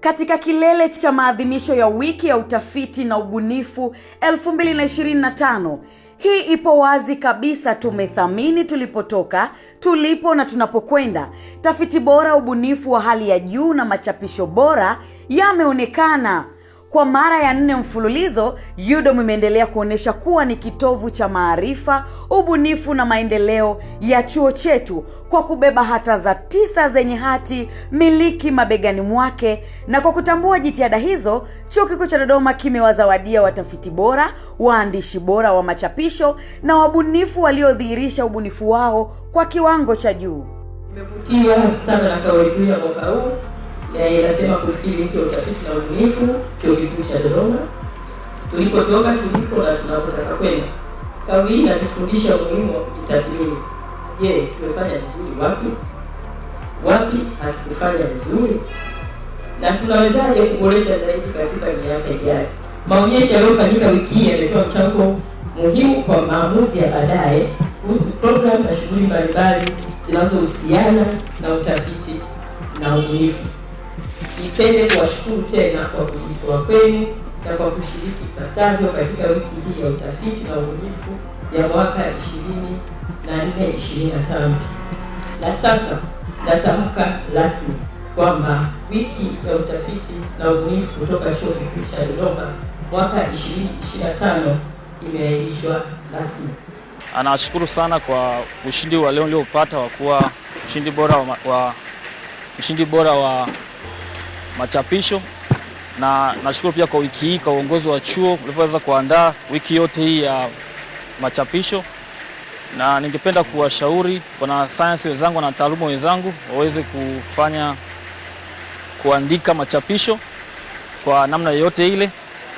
Katika kilele cha maadhimisho ya wiki ya utafiti na ubunifu 2025, hii ipo wazi kabisa. Tumethamini tulipotoka, tulipo na tunapokwenda. Tafiti bora, ubunifu wa hali ya juu na machapisho bora yameonekana. Kwa mara ya nne mfululizo, UDOM imeendelea kuonyesha kuwa ni kitovu cha maarifa, ubunifu na maendeleo ya chuo chetu kwa kubeba hata za tisa zenye hati miliki mabegani mwake. Na kwa kutambua jitihada hizo, Chuo Kikuu cha Dodoma kimewazawadia watafiti bora, waandishi bora wa machapisho na wabunifu waliodhihirisha ubunifu wao kwa kiwango cha juu. sana na kauli ya mwaka huu Eh, inasema kufikiri mpya, utafiti na ubunifu, chuo kikuu cha Dodoma. Tulipotoka, tulipo na tunapotaka kwenda, kauli hii inatufundisha umuhimu wa kujitathmini. Je, tumefanya vizuri wapi? Wapi hatukufanya vizuri, na tunawezaje kuboresha zaidi katika miaka ijayo? Maonyesho yaliyofanyika wiki hii yametoa mchango muhimu kwa maamuzi ya baadaye kuhusu programu na shughuli mbalimbali zinazohusiana na utafiti na ubunifu. Nipende kuwashukuru tena kwa kujitoa kwenu na kwa kushiriki ipasavyo katika wiki hii ya utafiti na ubunifu ya mwaka 2425 Na sasa natamka rasmi kwamba wiki ya utafiti na ubunifu kutoka Chuo Kikuu cha Dodoma mwaka 2025 imeahirishwa rasmi. Anashukuru sana kwa ushindi wa leo uliopata wa kuwa mshindi bora wa, wa, mshindi bora wa machapisho, na nashukuru pia kwa wiki hii kwa uongozi wa chuo ulivyoweza kuandaa wiki yote hii ya machapisho, na ningependa kuwashauri wanasayansi wenzangu na taaluma wenzangu waweze kufanya kuandika machapisho kwa namna yoyote ile,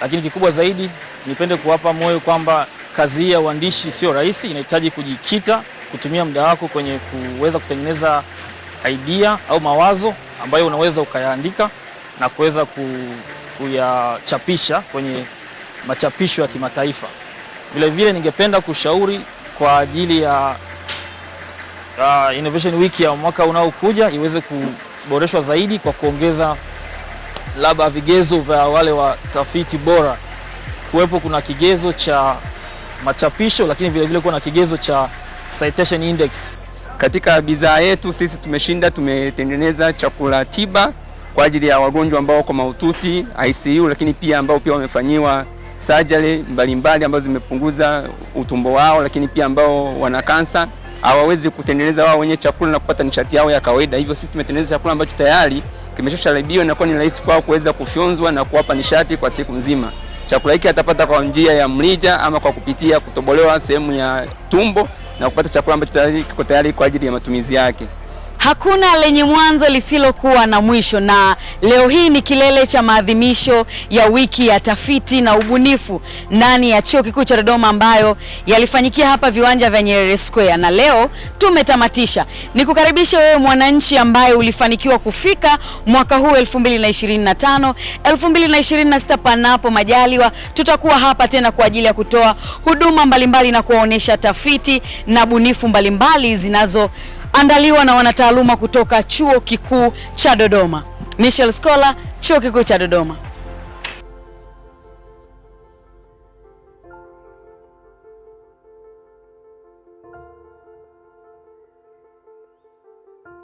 lakini kikubwa zaidi nipende kuwapa moyo kwamba kazi hii ya uandishi sio rahisi, inahitaji kujikita, kutumia muda wako kwenye kuweza kutengeneza idea au mawazo ambayo unaweza ukayaandika na kuweza kuyachapisha kwenye machapisho ya kimataifa. Vilevile ningependa kushauri kwa ajili ya uh, Innovation Week ya mwaka unaokuja iweze kuboreshwa zaidi kwa kuongeza labda vigezo vya wale watafiti bora, kuwepo kuna kigezo cha machapisho, lakini vilevile kuna kigezo cha citation index. Katika bidhaa yetu sisi tumeshinda, tumetengeneza chakula tiba kwa ajili ya wagonjwa ambao wako mahututi ICU, lakini pia ambao pia wamefanyiwa sajali mbalimbali ambazo zimepunguza utumbo wao, lakini pia ambao wana kansa hawawezi kutengeneza wao wenye chakula na kupata nishati yao ya kawaida. Hivyo sisi tumetengeneza chakula ambacho tayari kimeshasharibiwa, na inakuwa ni rahisi kwao kuweza kufyonzwa na kuwapa nishati kwa siku nzima. Chakula hiki atapata kwa njia ya mrija ama kwa kupitia kutobolewa sehemu ya tumbo na kupata chakula ambacho tayari kiko tayari kwa ajili ya matumizi yake. Hakuna lenye mwanzo lisilokuwa na mwisho, na leo hii ni kilele cha maadhimisho ya wiki ya tafiti na ubunifu ndani ya Chuo Kikuu cha Dodoma ambayo yalifanyikia hapa viwanja vya Nyerere Square, na leo tumetamatisha. Nikukaribishe wewe mwananchi ambaye ulifanikiwa kufika mwaka huu 2025 2026, panapo majaliwa, tutakuwa hapa tena kwa ajili ya kutoa huduma mbalimbali mbali na kuwaonesha tafiti na bunifu mbalimbali zinazo andaliwa na wanataaluma kutoka Chuo Kikuu cha Dodoma. Michelle Scholar, Chuo Kikuu cha Dodoma.